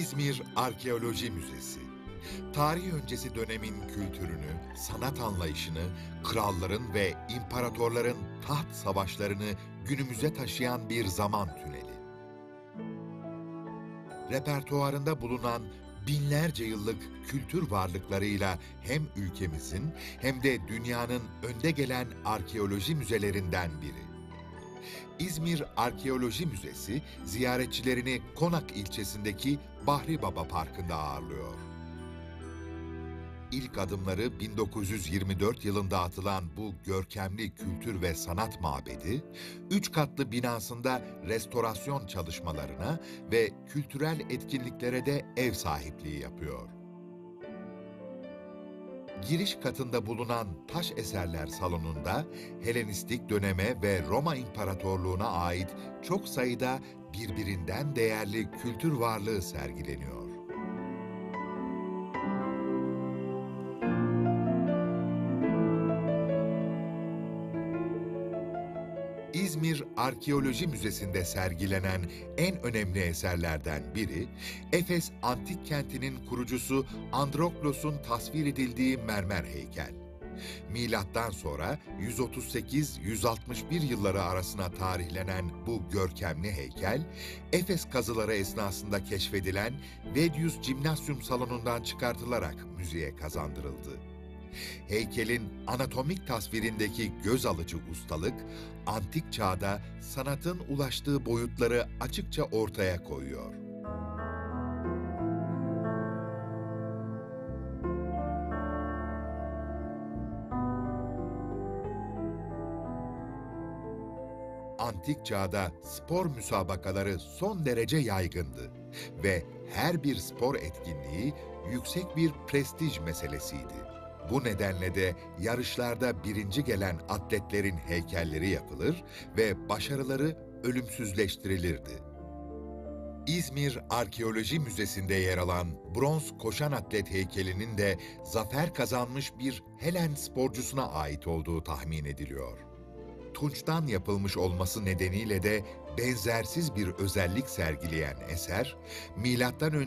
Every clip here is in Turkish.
İzmir Arkeoloji Müzesi. Tarih öncesi dönemin kültürünü, sanat anlayışını, kralların ve imparatorların taht savaşlarını günümüze taşıyan bir zaman tüneli. Repertuarında bulunan binlerce yıllık kültür varlıklarıyla hem ülkemizin hem de dünyanın önde gelen arkeoloji müzelerinden biri. İzmir Arkeoloji Müzesi ziyaretçilerini Konak ilçesindeki Bahri Baba Parkı'nda ağırlıyor. İlk adımları 1924 yılında atılan bu görkemli kültür ve sanat mabedi, üç katlı binasında restorasyon çalışmalarına ve kültürel etkinliklere de ev sahipliği yapıyor giriş katında bulunan taş eserler salonunda Helenistik döneme ve Roma İmparatorluğu'na ait çok sayıda birbirinden değerli kültür varlığı sergileniyor. İzmir Arkeoloji Müzesi'nde sergilenen en önemli eserlerden biri, Efes Antik Kenti'nin kurucusu Androklos'un tasvir edildiği mermer heykel. Milattan sonra 138-161 yılları arasına tarihlenen bu görkemli heykel, Efes kazıları esnasında keşfedilen Vedius Cimnasyum salonundan çıkartılarak müzeye kazandırıldı. Heykelin anatomik tasvirindeki göz alıcı ustalık, antik çağda sanatın ulaştığı boyutları açıkça ortaya koyuyor. Antik çağda spor müsabakaları son derece yaygındı ve her bir spor etkinliği yüksek bir prestij meselesiydi. Bu nedenle de yarışlarda birinci gelen atletlerin heykelleri yapılır ve başarıları ölümsüzleştirilirdi. İzmir Arkeoloji Müzesi'nde yer alan bronz koşan atlet heykelinin de zafer kazanmış bir Helen sporcusuna ait olduğu tahmin ediliyor. Tunçtan yapılmış olması nedeniyle de benzersiz bir özellik sergileyen eser, M.Ö.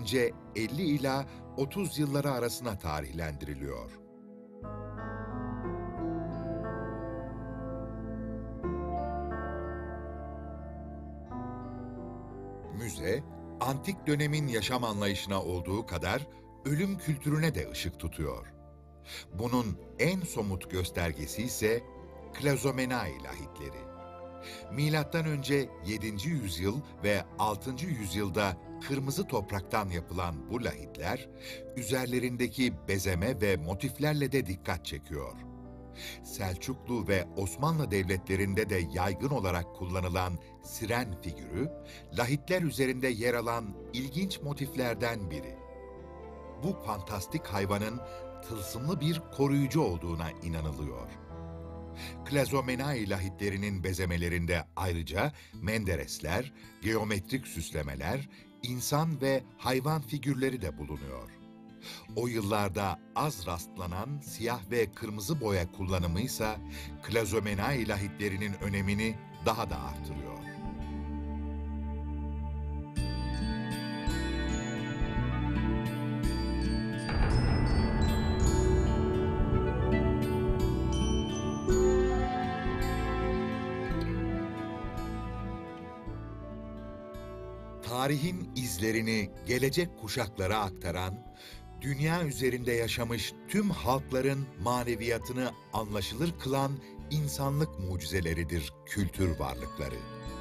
50 ila 30 yılları arasına tarihlendiriliyor. Müze, antik dönemin yaşam anlayışına olduğu kadar ölüm kültürüne de ışık tutuyor. Bunun en somut göstergesi ise Klazomenai lahitleri. Milattan önce 7. yüzyıl ve 6. yüzyılda kırmızı topraktan yapılan bu lahitler, üzerlerindeki bezeme ve motiflerle de dikkat çekiyor. Selçuklu ve Osmanlı devletlerinde de yaygın olarak kullanılan siren figürü, lahitler üzerinde yer alan ilginç motiflerden biri. Bu fantastik hayvanın tılsımlı bir koruyucu olduğuna inanılıyor. Klazomenai lahitlerinin bezemelerinde ayrıca menderesler, geometrik süslemeler, insan ve hayvan figürleri de bulunuyor. O yıllarda az rastlanan siyah ve kırmızı boya kullanımı ise klazomenai lahitlerinin önemini daha da artırıyor. tarihin izlerini gelecek kuşaklara aktaran, dünya üzerinde yaşamış tüm halkların maneviyatını anlaşılır kılan insanlık mucizeleridir kültür varlıkları.